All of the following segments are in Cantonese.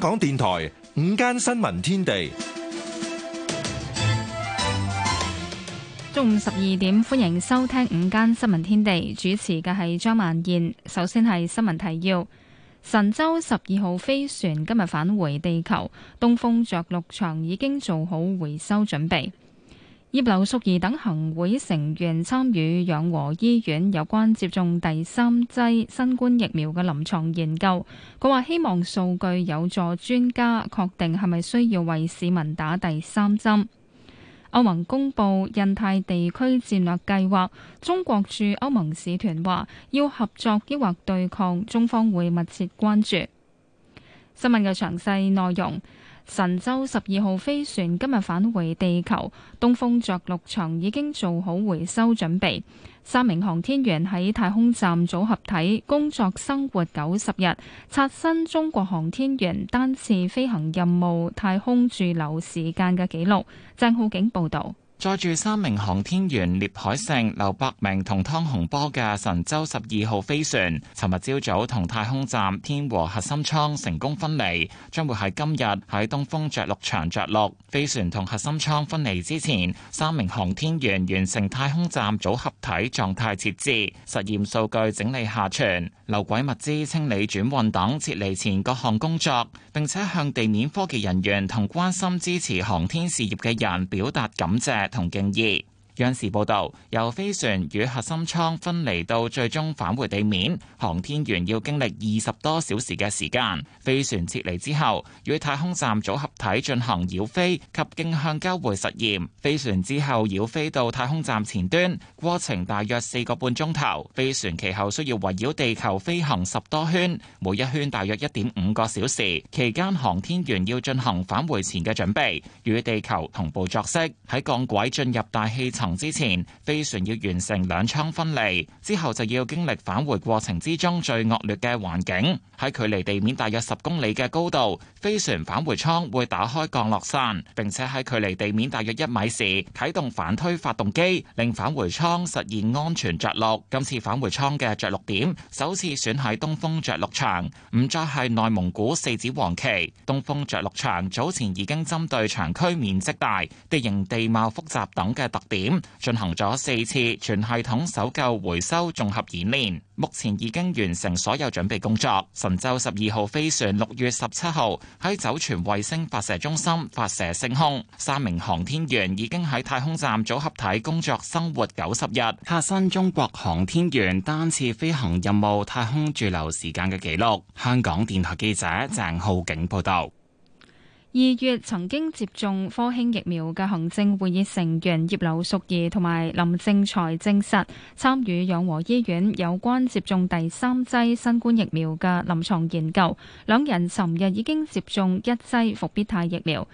香港電台午間新聞天地，中午十二點歡迎收聽午間新聞天地，主持嘅係張曼燕。首先係新聞提要：神舟十二號飛船今日返回地球，東風着陸場已經做好回收準備。葉劉淑儀等行會成員參與養和醫院有關接種第三劑新冠疫苗嘅臨床研究，佢話希望數據有助專家確定係咪需要為市民打第三針。歐盟公布印太地區戰略計劃，中國駐歐盟使團話要合作抑或對抗，中方會密切關注。新聞嘅詳細內容。神舟十二號飛船今日返回地球，東風着陸場已經做好回收準備。三名航天員喺太空站組合體工作生活九十日，刷新中國航天員單次飛行任務太空駐留時間嘅記錄。鄭浩景報導。載住三名航天員聶海勝、劉伯明同湯洪波嘅神舟十二號飛船，尋日朝早同太空站天和核心艙成功分離，將會喺今日喺東風着陸場着陸。飛船同核心艙分離之前，三名航天員完成太空站組合體狀態設置、實驗數據整理下傳、留軌物資清理轉運等撤離前各項工作，並且向地面科技人員同關心支持航天事業嘅人表達感謝同敬意。央視報道，由飛船與核心艙分離到最終返回地面，航天員要經歷二十多小時嘅時間。飛船撤離之後，與太空站組合體進行繞飛及徑向交會實驗。飛船之後繞飛到太空站前端，過程大約四個半鐘頭。飛船其後需要圍繞地球飛行十多圈，每一圈大約一點五個小時。期間，航天員要進行返回前嘅準備，與地球同步作息。喺降軌進入大氣層。之前飛船要完成兩艙分離，之後就要經歷返回過程之中最惡劣嘅環境。喺距離地面大約十公里嘅高度，飛船返回艙會打開降落傘，並且喺距離地面大約一米時啟動反推發動機，令返回艙實現安全着陸。今次返回艙嘅着陸點首次選喺東風着陸場，唔再係內蒙古四子王旗東風着陸場。早前已經針對場區面積大、地形地貌複雜等嘅特點。進行咗四次全系統搜救回收綜合演練，目前已經完成所有準備工作。神舟十二號飛船六月十七號喺酒泉衛星發射中心發射升空，三名航天員已經喺太空站組合體工作生活九十日，刷新中國航天員單次飛行任務太空駐留時間嘅紀錄。香港電台記者鄭浩景報道。二月曾經接種科興疫苗嘅行政會議成員葉劉淑儀同埋林正財證實參與養和醫院有關接種第三劑新冠疫苗嘅臨床研究，兩人尋日已經接種一劑復必泰疫苗。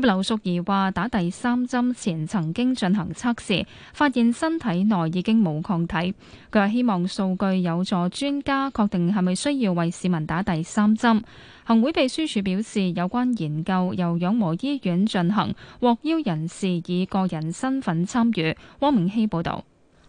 葉劉淑儀話：打第三針前曾經進行測試，發現身體內已經冇抗體。佢話希望數據有助專家確定係咪需要為市民打第三針。行會秘書處表示，有關研究由養和醫院進行，獲邀人士以個人身份參與。汪明希報導。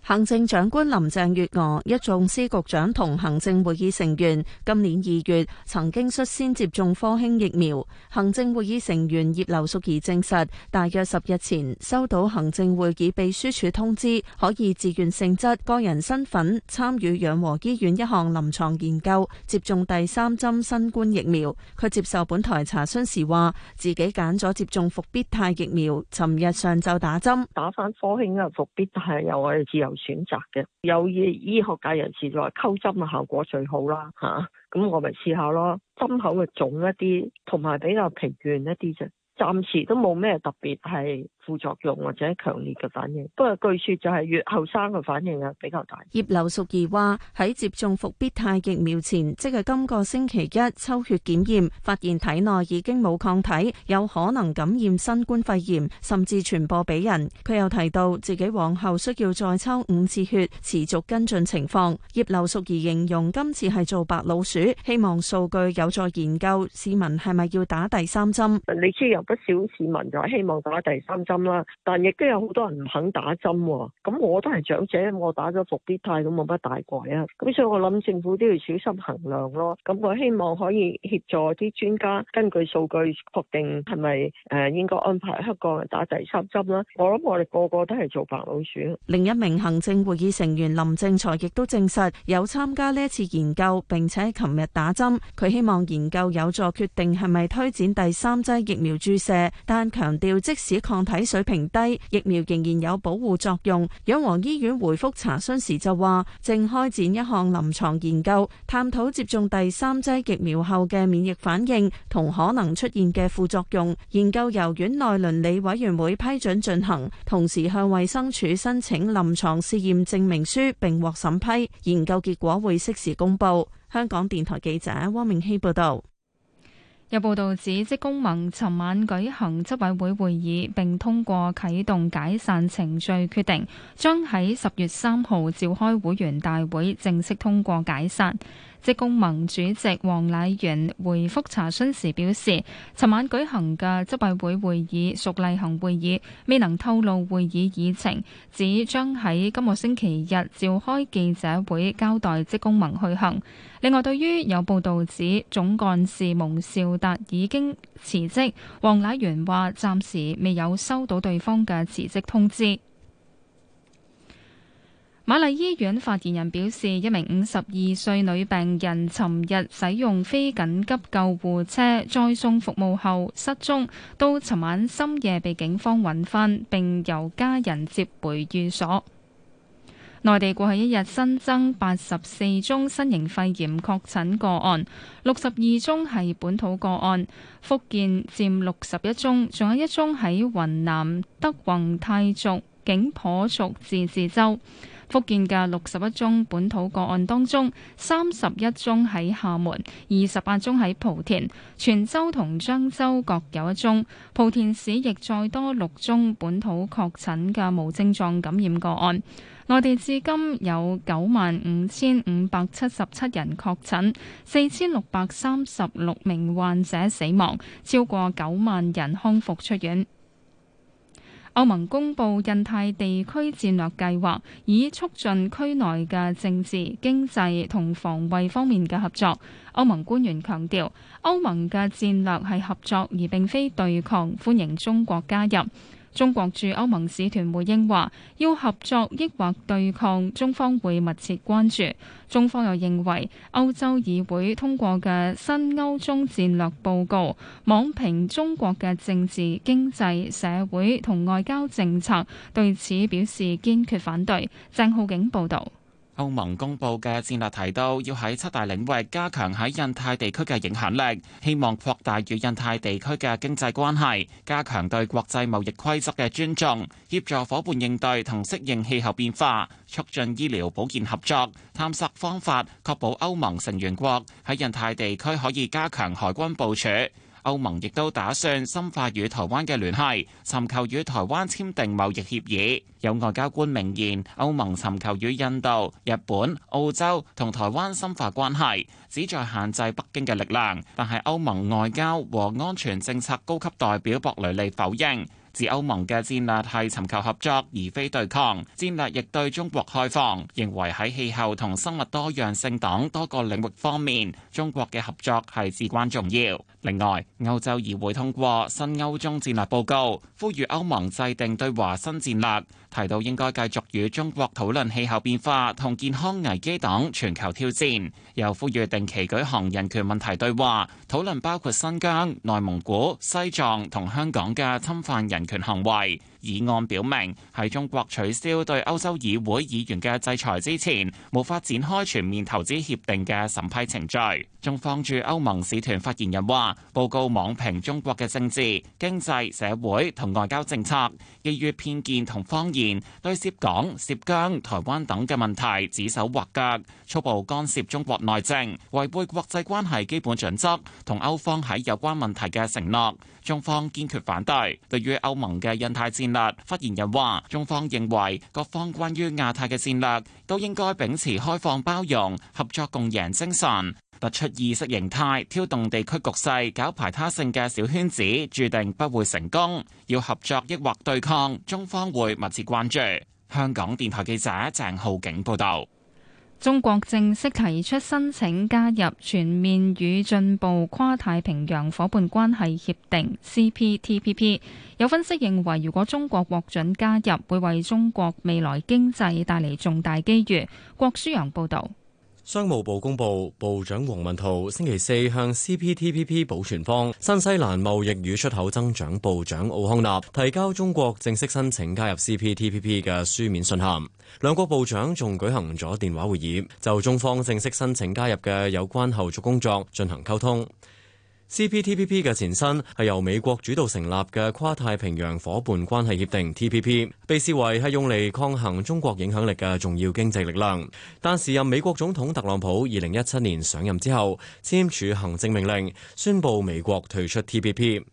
行政長官林鄭月娥、一眾司局長同行政會議成員今年二月曾經率先接種科興疫苗。行政會議成員葉劉淑儀證實，大約十日前收到行政會議秘書處通知，可以自願性質、個人身份參與養和醫院一項臨床研究，接種第三針新冠疫苗。佢接受本台查詢時話，自己揀咗接種復必泰疫苗，尋日上晝打針，打翻科興啊，復必泰又係自由。選擇嘅有醫醫學界人士就話溝針嘅效果最好啦吓，咁、啊、我咪試下咯，針口嘅腫一啲，同埋比較疲倦一啲啫，暫時都冇咩特別係，副作用或者強烈嘅反應，不過據說就係越後生嘅反應啊比較大。葉劉淑儀話喺接種復必泰疫苗前，即係今個星期一抽血檢驗，發現體內已經冇抗體，有可能感染新冠肺炎，甚至傳播俾人。佢又提到自己往後需要再抽五次血，持續跟進情況。葉劉淑儀形容今次係做白老鼠，希望數據有助研究市民係咪要打第三針，你知有不少市民就希望打第三針。咁但亦都有好多人唔肯打針、啊，喎。咁我都係長者，我打咗伏必泰，咁冇乜大怪啊。咁所以我諗政府都要小心衡量咯、啊。咁我希望可以協助啲專家根據數據確定係咪誒應該安排黑個人打第三針啦、啊。我諗我哋個個都係做白老鼠、啊。另一名行政會議成員林正財亦都證實有參加呢一次研究，並且琴日打針，佢希望研究有助決定係咪推展第三劑疫苗注射，但強調即使抗體水平低，疫苗仍然有保護作用。養和醫院回覆查詢時就話正開展一項臨床研究，探討接種第三劑疫苗後嘅免疫反應同可能出現嘅副作用。研究由院內倫理委員會批准進行，同時向衛生署申請臨床試驗證明書並獲審批。研究結果會適時公布，香港電台記者汪明熙報道。有報道指，職工盟尋晚舉行執委會會議，並通過啟動解散程序決定，將喺十月三號召開會員大會，正式通過解散。職工盟主席王乃源回覆查詢時表示，尋晚舉行嘅執委會會議屬例行會議，未能透露會議議程，指將喺今個星期日召開記者會交代職工盟去向。另外，對於有報道指總幹事蒙兆達已經辭職，王乃源話暫時未有收到對方嘅辭職通知。瑪麗醫院發言人表示，一名五十二歲女病人尋日使用非緊急救護車載送服務後失蹤，到尋晚深夜被警方揾翻，並由家人接回寓所。內地過去一日新增八十四宗新型肺炎確診個案，六十二宗係本土個案，福建佔六十一宗，仲有一宗喺雲南德宏泰族景頗族自治州。福建嘅六十一宗本土個案當中，三十一宗喺廈門，二十八宗喺莆田，泉州同漳州各有一宗。莆田市亦再多六宗本土確診嘅無症狀感染個案。內地至今有九萬五千五百七十七人確診，四千六百三十六名患者死亡，超過九萬人康復出院。歐盟公布印太地區戰略計劃，以促進區內嘅政治、經濟同防衛方面嘅合作。歐盟官員強調，歐盟嘅戰略係合作而並非對抗，歡迎中國加入。中國駐歐盟使團回應話：要合作抑或對抗，中方會密切關注。中方又認為，歐洲議會通過嘅新歐中戰略報告，妄評中國嘅政治、經濟、社會同外交政策，對此表示堅決反對。鄭浩景報道。歐盟公布嘅戰略提到，要喺七大領域加強喺印太地區嘅影響力，希望擴大與印太地區嘅經濟關係，加強對國際貿易規則嘅尊重，協助伙伴應對同適應氣候變化，促進醫療保健合作，探索方法確保歐盟成員國喺印太地區可以加強海軍部署。歐盟亦都打算深化與台灣嘅聯繫，尋求與台灣簽訂貿易協議。有外交官明言，歐盟尋求與印度、日本、澳洲同台灣深化關係，旨在限制北京嘅力量。但係歐盟外交和安全政策高級代表博雷利否認。指歐盟嘅戰略係尋求合作，而非對抗。戰略亦對中國開放，認為喺氣候同生物多樣性等多個領域方面，中國嘅合作係至關重要。另外，歐洲議會通過新歐中戰略報告，呼籲歐盟制定對華新戰略。提到應該繼續與中國討論氣候變化同健康危機等全球挑戰，又呼籲定期舉行人權問題對話，討論包括新疆、內蒙古、西藏同香港嘅侵犯人權行為。議案表明，喺中國取消對歐洲議會議員嘅制裁之前，無法展開全面投資協定嘅審批程序。中方駐歐盟使團發言人話：報告妄評中國嘅政治、經濟、社會同外交政策，基於偏見同謊言，對涉港、涉疆、台灣等嘅問題指手畫腳，粗暴干涉中國內政，違背國際關係基本準則同歐方喺有關問題嘅承諾。中方堅決反對，對於歐盟嘅印太戰。發言人話：中方認為，各方關於亞太嘅戰略都應該秉持開放包容、合作共贏精神，突出意識形態，挑動地區局勢、搞排他性嘅小圈子，注定不會成功。要合作抑或對抗，中方會密切關注。香港電台記者鄭浩景報道。中國正式提出申請加入全面與進步跨太平洋伙伴關係協定 （CPTPP）。有分析認為，如果中國獲准加入，會為中國未來經濟帶嚟重大機遇。郭舒陽報道。商務部公布，部長王文濤星期四向 CPTPP 保存方新西蘭貿易與出口增長部長奧康納提交中國正式申請加入 CPTPP 嘅書面信函。兩國部長仲舉行咗電話會議，就中方正式申請加入嘅有關後續工作進行溝通。CPTPP 嘅前身係由美國主導成立嘅跨太平洋夥伴關係協定 TPP，被視為係用嚟抗衡中國影響力嘅重要經濟力量。但時任美國總統特朗普二零一七年上任之後，簽署行政命令宣布美國退出 TPP。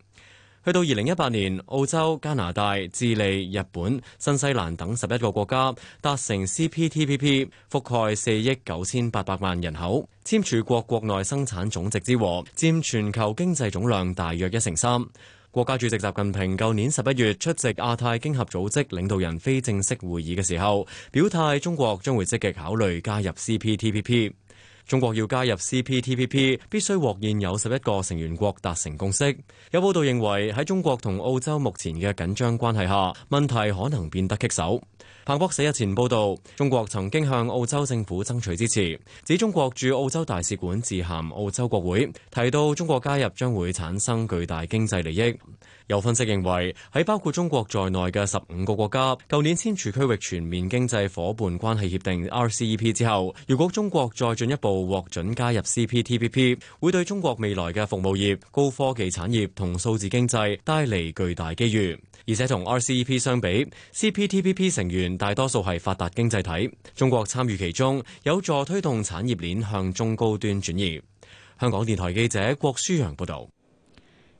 去到二零一八年，澳洲、加拿大、智利、日本、新西蘭等十一個國家達成 CPTPP，覆蓋四億九千八百萬人口，簽署國國內生產總值之和佔全球經濟總量大約一成三。國家主席習近平舊年十一月出席亞太經合組織領導人非正式會議嘅時候，表態中國將會積極考慮加入 CPTPP。中國要加入 CPTPP，必須獲現有十一個成員國達成共識。有報道認為喺中國同澳洲目前嘅緊張關係下，問題可能變得棘手。彭博四日前報導，中國曾經向澳洲政府爭取支持，指中國駐澳洲大使館致函澳洲國會，提到中國加入將會產生巨大經濟利益。有分析認為，喺包括中國在內嘅十五個國家，舊年簽署區域全面經濟夥伴關係協定 （RCEP） 之後，如果中國再進一步獲准加入 CPTPP，會對中國未來嘅服務業、高科技產業同數字經濟帶嚟巨大機遇。而且同 RCEP 相比，CPTPP 成員大多數係發達經濟體，中國參與其中，有助推動產業鏈向中高端轉移。香港電台記者郭舒揚報導。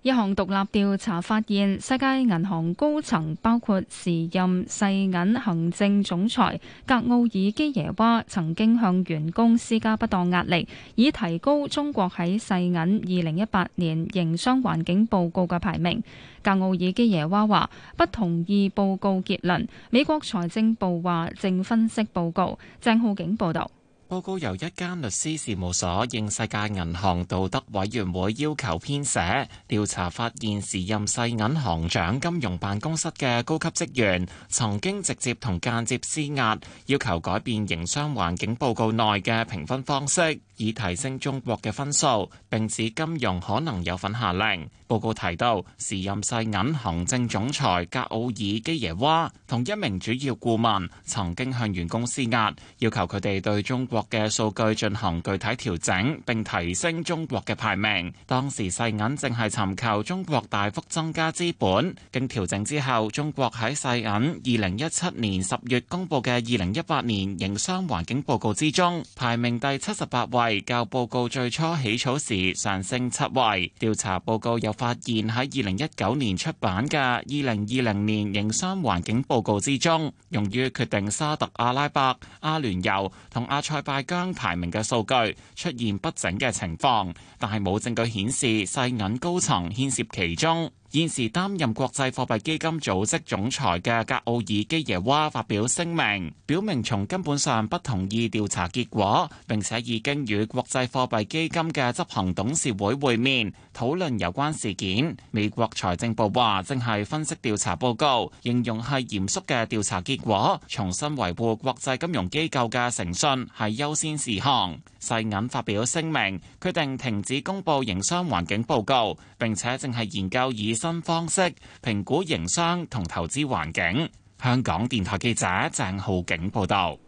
一項獨立調查發現，世界銀行高層包括時任世銀行政總裁格奧爾基耶娃曾經向員工施加不當壓力，以提高中國喺世銀二零一八年營商環境報告嘅排名。格奧爾基耶娃話不同意報告結論。美國財政部話正分析報告。鄭浩景報導。報告由一間律師事務所應世界銀行道德委員會要求編寫，調查發現時任世銀行長金融辦公室嘅高級職員曾經直接同間接施壓，要求改變營商環境報告內嘅評分方式。以提升中國嘅分數，並指金融可能有份下令。報告提到，時任世銀行政總裁格奧爾基耶娃同一名主要顧問曾經向員工施壓，要求佢哋對中國嘅數據進行具體調整，並提升中國嘅排名。當時世銀正係尋求中國大幅增加資本。經調整之後，中國喺世銀二零一七年十月公布嘅二零一八年營商環境報告之中排名第七十八位。嚟教報告最初起草時上升七位。調查報告又發現喺二零一九年出版嘅二零二零年營商環境報告之中，用於決定沙特阿拉伯、阿聯酋同阿塞拜疆排名嘅數據出現不整嘅情況，但係冇證據顯示世銀高層牽涉其中。現時擔任國際貨幣基金組織總裁嘅格奧爾基耶娃發表聲明，表明從根本上不同意調查結果，並且已經與國際貨幣基金嘅執行董事會會面討論有關事件。美國財政部話正系分析調查報告，形容係嚴肅嘅調查結果，重新維護國際金融機構嘅誠信係優先事項。世銀發表聲明，決定停止公布營商環境報告，並且正係研究以。新方式評估營商同投資環境。香港電台記者鄭浩景報道：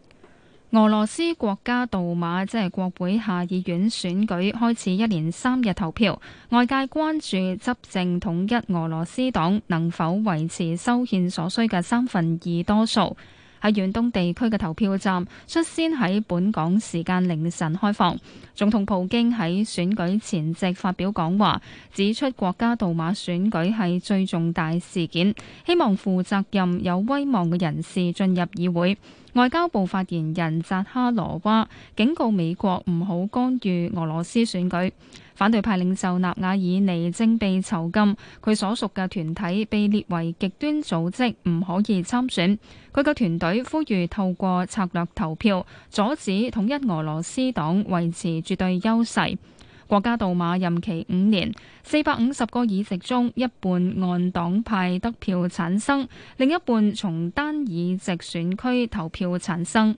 俄羅斯國家杜馬即係國會下議院選舉開始一連三日投票，外界關注執政統一俄羅斯黨能否維持修憲所需嘅三分二多數。喺遠東地區嘅投票站率先喺本港時間凌晨開放。總統普京喺選舉前夕發表講話，指出國家杜馬選舉係最重大事件，希望負責任、有威望嘅人士進入議會。外交部發言人扎哈羅娃警告美國唔好干預俄羅斯選舉。反對派領袖納瓦爾尼正被囚禁，佢所屬嘅團體被列為極端組織，唔可以參選。佢嘅團隊呼籲透過策略投票，阻止統一俄羅斯黨維持絕對優勢。國家杜馬任期五年，四百五十個議席中一半按黨派得票產生，另一半從單議席選區投票產生。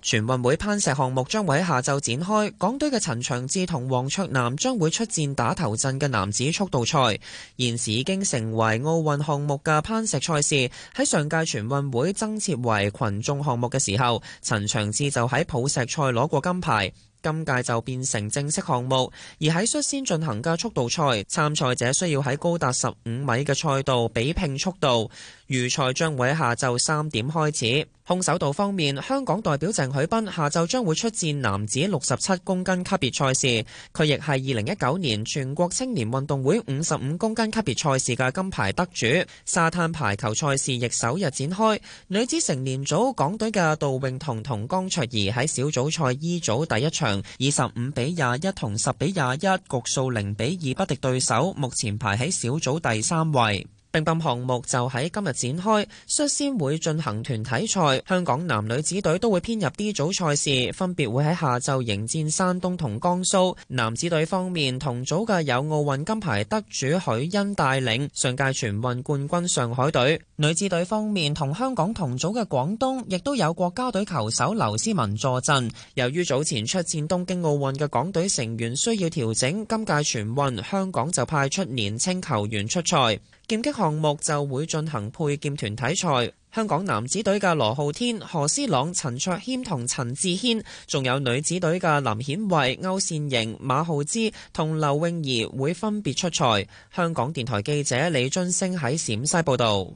全運會攀石項目將會喺下晝展開，港隊嘅陳祥志同黃卓南將會出戰打頭陣嘅男子速度賽。現時已經成為奧運項目嘅攀石賽事，喺上屆全運會增設為群眾項目嘅時候，陳祥志就喺抱石賽攞過金牌。今屆就變成正式項目，而喺率先進行嘅速度賽，參賽者需要喺高達十五米嘅賽道比拼速度。預賽將會喺下晝三點開始。空手道方面，香港代表鄭許斌下晝將會出戰男子六十七公斤級別賽事，佢亦係二零一九年全國青年運動會五十五公斤級別賽事嘅金牌得主。沙灘排球賽事亦首日展開，女子成年組港隊嘅杜泳彤同江卓兒喺小組賽 E 組第一場以十五比廿一同十比廿一局數零比二不敵對手，目前排喺小組第三位。乒乓項目就喺今日展開，率先會進行團體賽。香港男、女子隊都會編入 D 組賽事，分別會喺下晝迎戰山東同江蘇。男子隊方面，同組嘅有奧運金牌得主許昕帶領上屆全運冠軍上海隊。女子隊方面，同香港同組嘅廣東亦都有國家隊球手劉詩文助陣。由於早前出戰東京奧運嘅港隊成員需要調整，今屆全運香港就派出年青球員出賽。劍擊項目就會進行配劍團體賽，香港男子隊嘅羅浩天、何思朗、陳卓謙同陳志謙，仲有女子隊嘅林顯慧、歐善盈、馬浩之同劉穎儀會分別出賽。香港電台記者李津升喺陝西報道。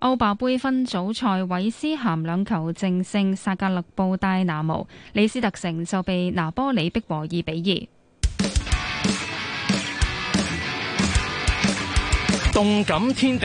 歐霸杯分組賽，韋斯咸兩球正勝薩格勒布戴拿姆，李斯特城就被拿波里逼和二比二。動感天地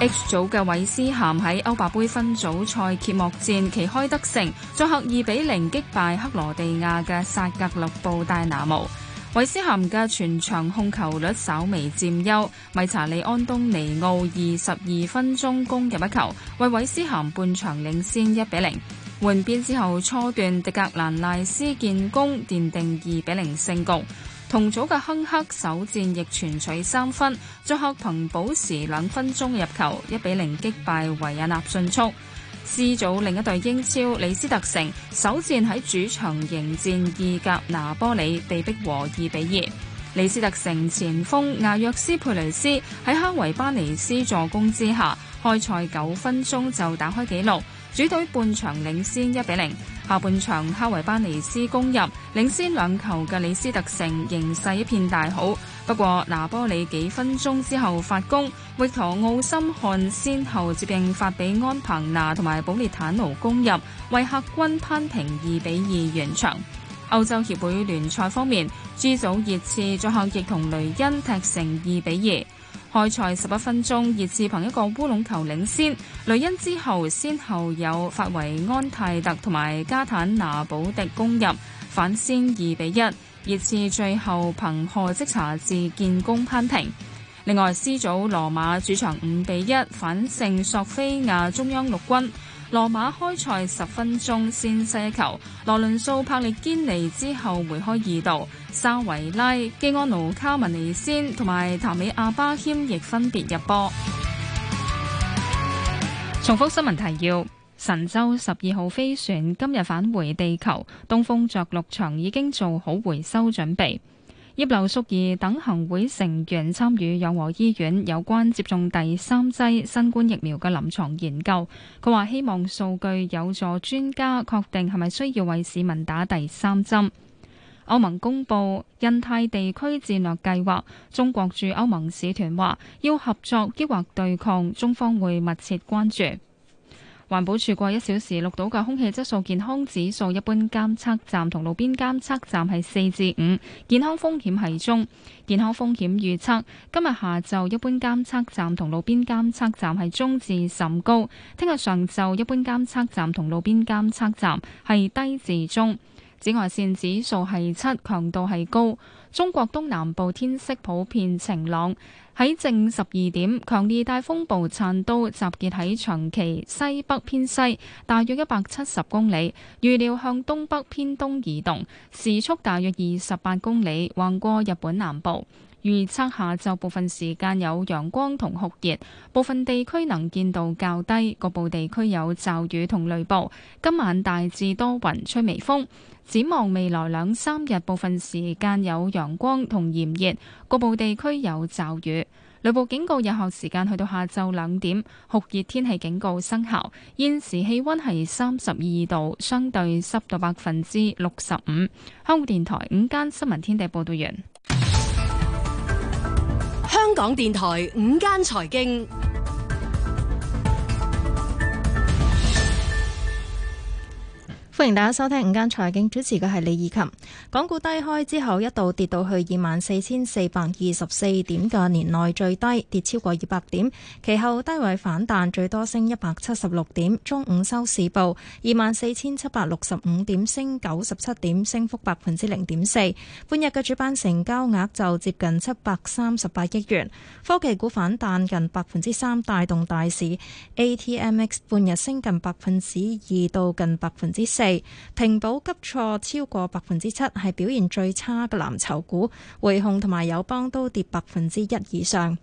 ，H 組嘅韋斯咸喺歐霸盃分組賽揭幕戰，旗開得勝，作客二比零擊敗克羅地亞嘅薩格勒布戴拿姆。韋斯咸嘅全場控球率稍微佔優，米查利·安東尼奧二十二分鐘攻入一球，為韋斯咸半場領先一比零。換邊之後，初段迪格蘭賴斯建功，奠定二比零勝局。同組嘅亨克首戰亦全取三分，作客憑補時兩分鐘入球，一比零擊敗維也納迅速。次組另一隊英超李斯特城首戰喺主場迎戰意甲拿波里，被逼和二比二。李斯特城前鋒亞約斯佩雷斯喺哈維巴尼斯助攻之下，開賽九分鐘就打開紀錄，主隊半場領先一比零。0, 下半場，哈維班尼斯攻入，領先兩球嘅李斯特城形勢一片大好。不過，拿波里幾分鐘之後發攻，域陀奧森漢先後接應發俾安彭拿同埋保利坦奴攻入，為客軍攀平二比二完場。歐洲協會聯賽方面，G 組熱刺最後亦同雷恩踢成二比二。開賽十八分鐘，熱刺憑一個烏龍球領先。雷恩之後，先後有法維安泰特同埋加坦拿保迪攻入，反先二比一。熱刺最後憑荷積查自建功扳平。另外，C 組羅馬主場五比一反勝索菲亞中央陸軍。羅馬開賽十分鐘先射球，羅倫素、柏列堅尼之後梅開二度，沙維拉、基安奴、卡文尼先同埋譚美阿巴謙亦分別入波。重複新聞提要：神舟十二號飛船今日返回地球，東風着陸場已經做好回收準備。葉劉淑儀等行會成員參與養和醫院有關接種第三劑新冠疫苗嘅臨床研究，佢話希望數據有助專家確定係咪需要為市民打第三針。歐盟公布印太地區戰略計劃，中國駐歐盟使團話要合作抑或對抗，中方會密切關注。環保署過一小時錄到嘅空氣質素健康指數，一般監測站同路邊監測站係四至五，健康風險係中。健康風險預測今日下晝一般監測站同路邊監測站係中至甚高，聽日上晝一般監測站同路邊監測站係低至中。紫外線指數係七，強度係高。中國東南部天色普遍晴朗。喺正十二點，強烈帶風暴燦都集結喺長崎西北偏西，大約一百七十公里，預料向東北偏東移動，時速大約二十八公里，橫過日本南部。預測下晝部分時間有陽光同酷熱，部分地區能見度較低，局部地區有驟雨同雷暴。今晚大致多雲，吹微風。展望未來兩三日，部分時間有陽光同炎熱，局部地區有驟雨。雷暴警告有效時間去到下晝兩點，酷熱天氣警告生效。現時氣温係三十二度，相對濕度百分之六十五。香港電台午間新聞天地報道完。香港電台午間財經。歡迎大家收聽午間財經，主持嘅係李怡琴。港股低開之後一度跌到去二萬四千四百二十四點嘅年內最低，跌超過二百點。其後低位反彈，最多升一百七十六點。中午收市報二萬四千七百六十五點，升九十七點，升幅百分之零點四。半日嘅主板成交額就接近七百三十八億元。科技股反彈近百分之三，帶動大市。ATMX 半日升近百分之二到近百分之三。平保急挫超過百分之七，係表現最差嘅藍籌股，匯控同埋友邦都跌百分之一以上。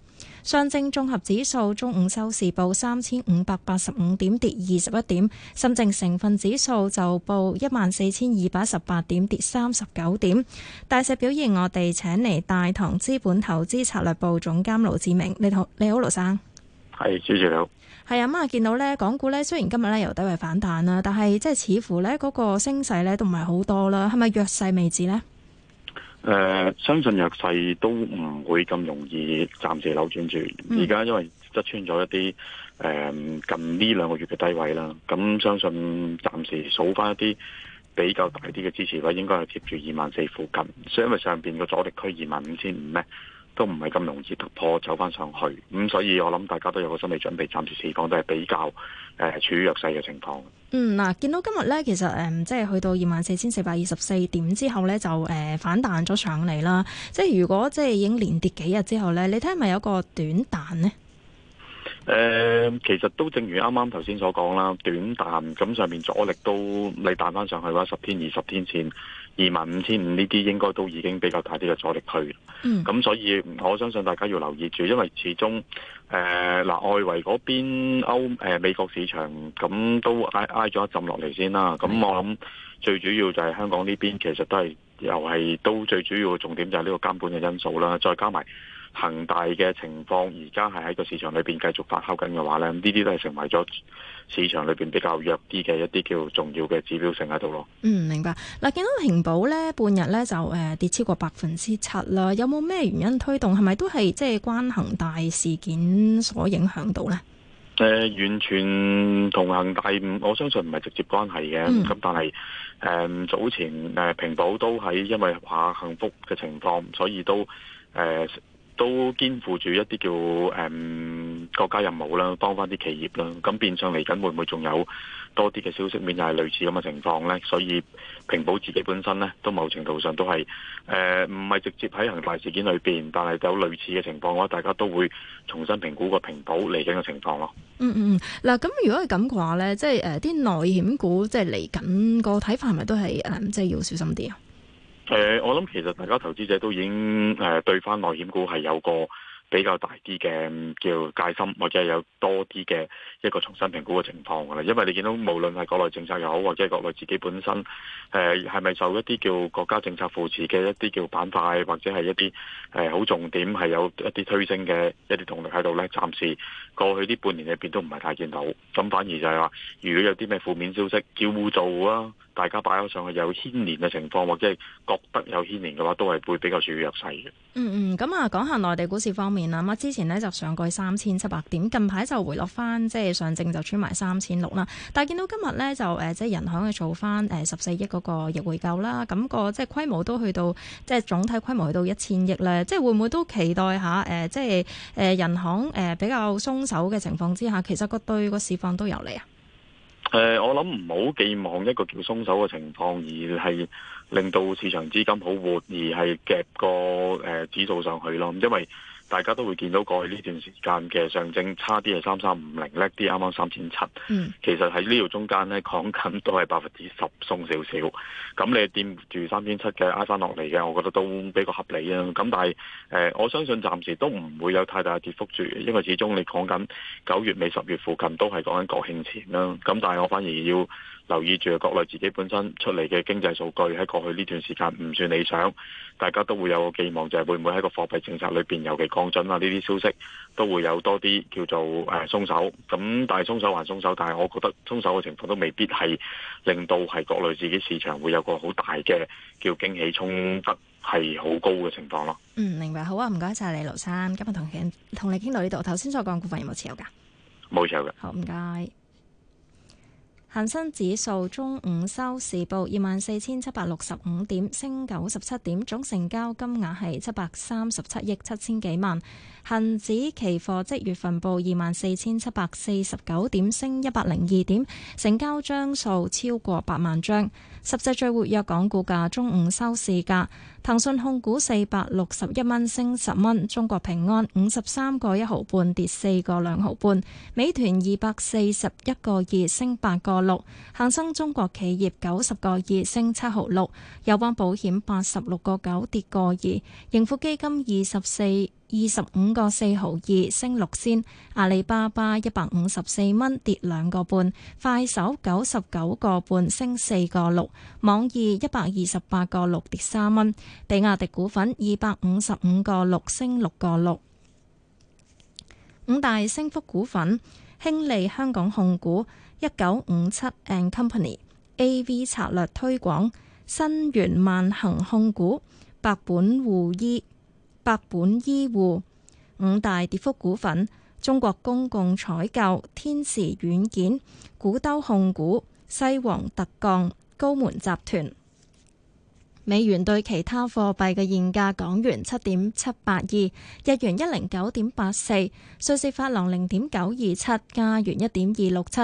上證綜合指數中午收市報三千五百八十五點，跌二十一點；深證成分指數就報一萬四千二百十八點，跌三十九點。大市表現，我哋請嚟大唐資本投資策略部總監盧志明，你好，你好，盧生，係主席。你好。係啊，啊見到咧，港股咧雖然今日咧由低位反彈啦，但係即係似乎咧嗰個升勢咧都唔係好多啦，係咪弱勢未止咧？誒、呃，相信弱勢都唔會咁容易暫時扭轉住。而家、嗯、因為側穿咗一啲誒、呃、近呢兩個月嘅低位啦，咁相信暫時數返一啲比較大啲嘅支持位，應該係貼住二萬四附近，所以因為上邊個阻力區二萬五千五咧。都唔係咁容易突破走翻上去，咁、嗯、所以我諗大家都有個心理準備，暫時市況都係比較誒、呃、處於弱勢嘅情況。嗯，嗱、啊，見到今日呢，其實誒、嗯、即係去到二萬四千四百二十四點之後呢，就誒、呃、反彈咗上嚟啦。即係如果即係已經連跌幾日之後呢，你睇係咪有個短彈呢？誒、呃，其實都正如啱啱頭先所講啦，短彈咁上面阻力都你彈翻上去嘅話，十天、二十天前二萬五千五呢啲，25，應該都已經比較大啲嘅阻力區。嗯，咁所以唔我相信大家要留意住，因為始終誒嗱外圍嗰邊歐誒美國市場咁都挨挨咗一浸落嚟先啦。咁我諗最主要就係香港呢邊其實都係又係都最主要嘅重點就係呢個監管嘅因素啦，再加埋。恒大嘅情況而家係喺個市場裏邊繼續發酵緊嘅話咧，呢啲都係成為咗市場裏邊比較弱啲嘅一啲叫重要嘅指標性喺度咯。嗯，明白。嗱、啊，見到平保咧，半日咧就誒、呃、跌超過百分之七啦。有冇咩原因推動？係咪都係即係關恒大事件所影響到咧？誒、呃，完全同恒大我相信唔係直接關係嘅。咁、嗯、但係誒、呃、早前誒、呃、平保都喺因為話幸福嘅情況，所以都誒。呃呃都肩負住一啲叫誒、嗯、國家任務啦，幫翻啲企業啦。咁變相嚟緊會唔會仲有多啲嘅消息面又係類似咁嘅情況呢？所以平保自己本身呢，都某程度上都係誒唔係直接喺恒大事件裏邊，但係有類似嘅情況嘅話，大家都會重新評估個平保嚟緊嘅情況咯，嗯。嗯嗯嗱，咁如果係咁嘅話呢，即係啲、呃、內險股即係、呃，即係嚟緊個睇法係咪都係即係要小心啲啊？誒、呃，我諗其實大家投資者都已經誒、呃、對翻內險股係有個比較大啲嘅、嗯、叫戒心，或者係有多啲嘅一個重新評估嘅情況噶啦。因為你見到無論係國內政策又好，或者國內自己本身誒係咪受一啲叫國家政策扶持嘅一啲叫板塊，或者係一啲誒好重點係有一啲推升嘅一啲動力喺度咧。暫時過去呢半年入邊都唔係太見到，咁反而就係話如果有啲咩負面消息，叫做啊。大家擺咗上去有牽連嘅情況，或者覺得有牽連嘅話，都係會比較處弱勢嘅、嗯。嗯嗯，咁啊，講下內地股市方面啊，咁啊，之前呢，就上過三千七百點，近排就回落翻，即係上證就穿埋三千六啦。但係見到今日呢，就誒，即係人行去做翻誒十四億嗰個逆回購啦，咁、那個即係規模都去到，即係總體規模去到一千億啦。即係會唔會都期待下誒、呃，即係誒人行誒、呃、比較鬆手嘅情況之下，其實個對個市況都有利。啊？誒、呃，我諗唔好寄望一個叫鬆手嘅情況，而係令到市場資金好活，而係夾個誒、呃、指數上去咯，因為。大家都會見到過去呢段時間嘅上證差啲係三三五零，叻啲啱啱三千七。其實喺呢條中間咧，講緊都係百分之十鬆少少。咁你掂住三千七嘅挨翻落嚟嘅，我覺得都比較合理啊。咁但係誒、呃，我相信暫時都唔會有太大嘅跌幅住，因為始終你講緊九月尾、十月附近都係講緊國慶前啦。咁但係我反而要。留意住國內自己本身出嚟嘅經濟數據，喺過去呢段時間唔算理想，大家都會有個寄望，就係會唔會喺個貨幣政策裏邊，尤其降準啊呢啲消息，都會有多啲叫做誒鬆手。咁但係鬆手還鬆手，但係我覺得鬆手嘅情況都未必係令到係國內自己市場會有個好大嘅叫驚喜衝突係好高嘅情況咯。嗯，明白。好啊，唔該晒你，盧生，今日同同你傾到呢度。頭先再講股份有冇持有㗎？冇持有嘅。好，唔該。恒生指數中午收市報二萬四千七百六十五點，升九十七點，總成交金額係七百三十七億七千幾萬。恒指期貨即月份報二萬四千七百四十九點，升一百零二點，成交張數超過八萬張。十隻最活躍港股價，中午收市價。騰訊控股四百六十一蚊升十蚊，中國平安五十三個一毫半跌四個兩毫半，美團二百四十一個二升八個六，恒生中國企業九十個二升七毫六，友邦保險八十六個九跌個二，盈富基金二十四。二十五個四毫二升六仙，阿里巴巴一百五十四蚊跌兩個半，快手九十九個半升四個六，網易一百二十八個六跌三蚊，比亞迪股份二百五十五個六升六個六，五大升幅股份：興利香港控股一九五七，and company，AV 策略推廣，新元萬恒控股，百本護衣。百本醫護五大跌幅股份：中國公共採購、天時軟件、古兜控股、西王特鋼、高門集團。美元對其他貨幣嘅現價：港元七點七八二，日元一零九點八四，瑞士法郎零點九二七，加元一點二六七，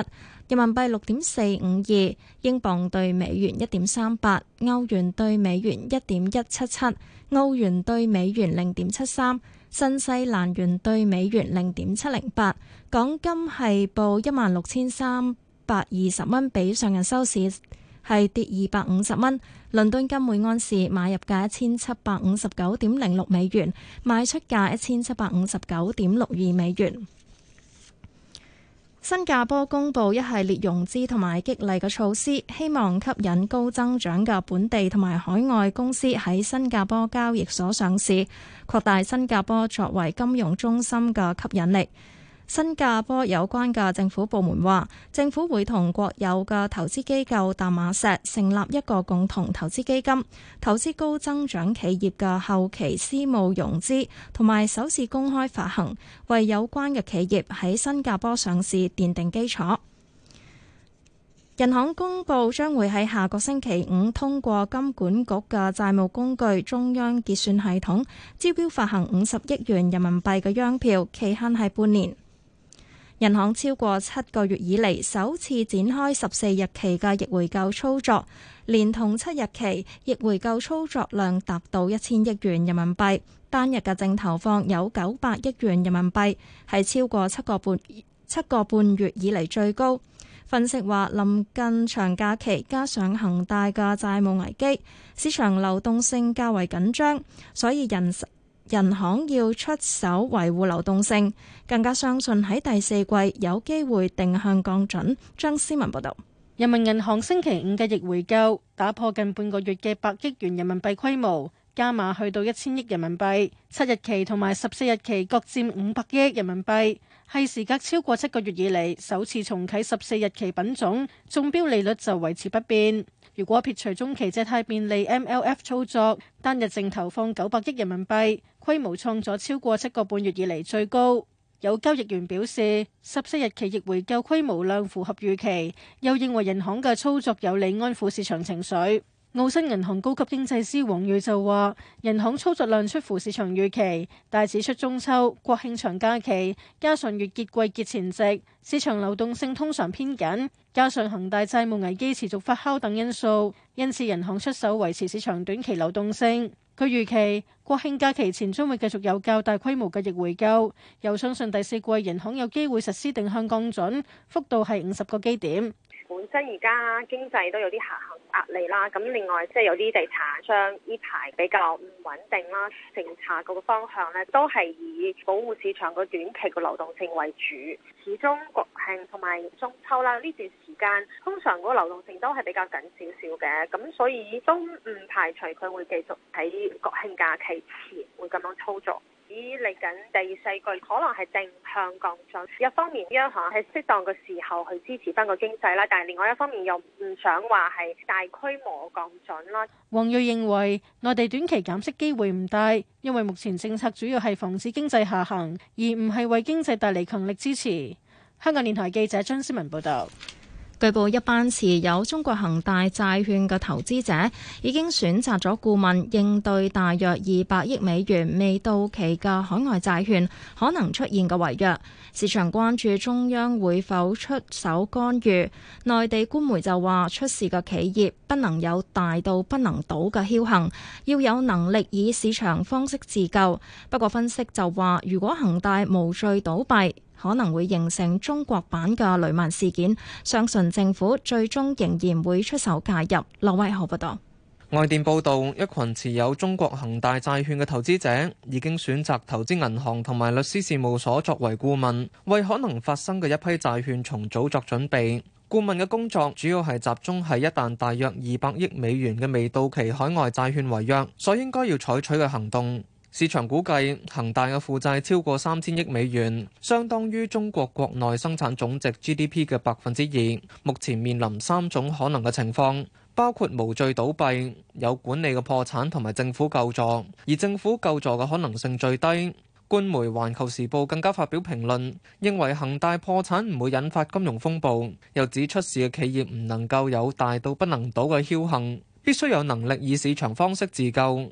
人民幣六點四五二，英鎊對美元一點三八，歐元對美元一點一七七。澳元兌美元零點七三，新西蘭元兌美元零點七零八，港金係報一萬六千三百二十蚊，比上日收市係跌二百五十蚊。倫敦金每安士買入價一千七百五十九點零六美元，賣出價一千七百五十九點六二美元。新加坡公布一系列融資同埋激勵嘅措施，希望吸引高增長嘅本地同埋海外公司喺新加坡交易所上市，擴大新加坡作為金融中心嘅吸引力。新加坡有關嘅政府部門話，政府會同國有嘅投資機構淡馬錫成立一個共同投資基金，投資高增長企業嘅後期私募融資同埋首次公開發行，為有關嘅企業喺新加坡上市奠定基礎。人行公佈將會喺下個星期五通過金管局嘅債務工具中央結算系統招標發行五十億元人民幣嘅央票，期限係半年。人行超過七個月以嚟首次展開十四日期嘅逆回購操作，連同七日期逆回購操作量達到一千億元人民幣，單日嘅淨投放有九百億元人民幣，係超過七個半七個半月以嚟最高。分析話，臨近長假期，加上恒大嘅債務危機，市場流動性較為緊張，所以人人行要出手維護流動性，更加相信喺第四季有機會定向降準。張思文報道，人民銀行星期五嘅逆回購打破近半個月嘅百億元人民幣規模，加碼去到一千億人民幣，七日期同埋十四日期各佔五百億人民幣，係時隔超過七個月以嚟首次重啟十四日期品種，中標利率就維持不變。如果撇除中期借貸便利 （MLF） 操作，單日淨投放九百億人民幣，規模創咗超過七個半月以嚟最高。有交易員表示，十四日期逆回購規模量符合預期，又認為人行嘅操作有利安撫市場情緒。澳新銀行高級經濟師王睿就話：銀行操作量出乎市場預期，大指出中秋、國慶長假期，加上月結季結前夕，市場流動性通常偏緊，加上恒大債務危機持續發酵等因素，因此銀行出手維持市場短期流動性。佢預期國慶假期前將會繼續有較大規模嘅逆回購，又相信第四季銀行有機會實施定向降準，幅度係五十個基點。本身而家經濟都有啲下行壓力啦，咁另外即係有啲地產商呢排比較唔穩定啦，政策個方向咧都係以保護市場個短期個流動性為主。始終國慶同埋中秋啦，呢段時間，通常個流動性都係比較緊少少嘅，咁所以都唔排除佢會繼續喺國慶假期前會咁樣操作。以嚟緊第四季可能係定向降準，一方面央行喺適當嘅時候去支持翻個經濟啦，但係另外一方面又唔想話係大規模降準啦。黃瑞認為內地短期減息機會唔大，因為目前政策主要係防止經濟下行，而唔係為經濟帶嚟強力支持。香港電台記者張思文報道。據報，一班持有中國恒大債券嘅投資者已經選擇咗顧問，應對大約二百億美元未到期嘅海外債券可能出現嘅違約。市場關注中央會否出手干預。內地官媒就話：出事嘅企業不能有大到不能倒嘅僥倖，要有能力以市場方式自救。不過分析就話，如果恒大無序倒閉，可能會形成中國版嘅雷曼事件，相信政府最終仍然會出手介入。劉威浩報道。不外電報道，一群持有中國恒大債券嘅投資者已經選擇投資銀行同埋律師事務所作為顧問，為可能發生嘅一批債券重組作準備。顧問嘅工作主要係集中喺一旦大約二百億美元嘅未到期海外債券違約，所以應該要採取嘅行動。市場估計，恒大嘅負債超過三千億美元，相當於中國國內生產總值 GDP 嘅百分之二。目前面臨三種可能嘅情況，包括無序倒閉、有管理嘅破產同埋政府救助。而政府救助嘅可能性最低。官媒《環球時報》更加發表評論，認為恒大破產唔會引發金融風暴，又指出事嘅企業唔能夠有大到不能倒嘅僥倖，必須有能力以市場方式自救。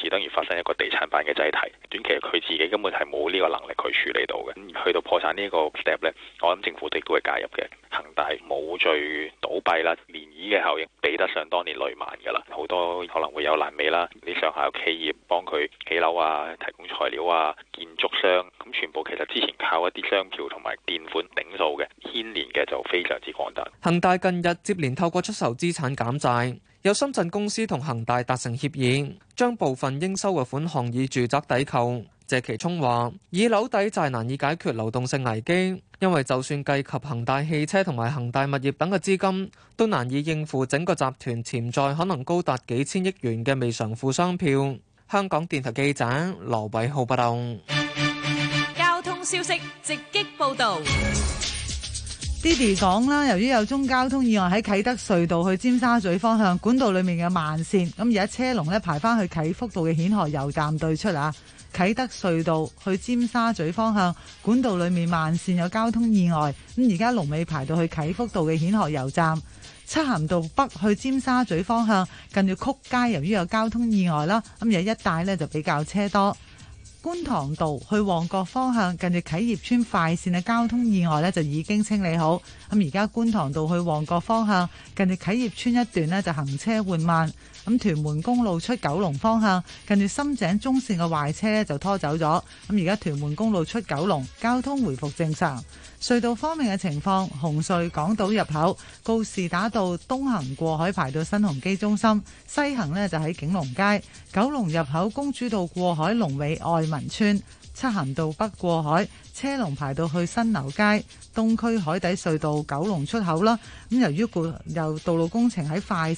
是等於發生一個地產板嘅擠提，短期佢自己根本係冇呢個能力去處理到嘅，去到破產呢一個 step 呢，我諗政府亦都會介入嘅。恒大冇最倒閉啦，漣漪嘅效應比得上當年雷曼㗎啦，好多可能會有爛尾啦，你上下游企業幫佢起樓啊，提供材料啊，建築商咁全部其實之前靠一啲商票同埋墊款頂數嘅，牽連嘅就非常之廣大。恒大近日接連透過出售資產減債。有深圳公司同恒大達成協議，將部分應收嘅款項以住宅抵扣。謝其聰話：以樓抵債難以解決流動性危機，因為就算計及恒大汽車同埋恒大物業等嘅資金，都難以應付整個集團潛在可能高達幾千億元嘅未償付商票。香港電台記者羅偉浩報道。交通消息直擊報道。Diddy 講啦，由於有宗交通意外喺啟德隧道去尖沙咀方向管道裏面嘅慢線，咁而家車龍呢排翻去啟福道嘅顯河油站對出啊。啟德隧道去尖沙咀方向管道裏面慢線有交通意外，咁而家龍尾排到去啟福道嘅顯河油站。漆咸道北去尖沙咀方向近住曲街，由於有交通意外啦，咁而家一帶呢就比較車多。觀塘道去旺角方向近住啟業村快綫嘅交通意外咧就已經清理好，咁而家觀塘道去旺角方向近住啟業村一段呢，就行車緩慢，咁屯門公路出九龍方向近住深井中線嘅壞車咧就拖走咗，咁而家屯門公路出九龍交通回復正常。隧道方面嘅情況，紅隧港島入口告士打道東行過海排到新鴻基中心，西行咧就喺景隆街；九龍入口公主道過海龍尾愛民邨，漆咸道北過海車龍排到去新樓街；東區海底隧道九龍出口啦，咁由於過由道路工程喺快。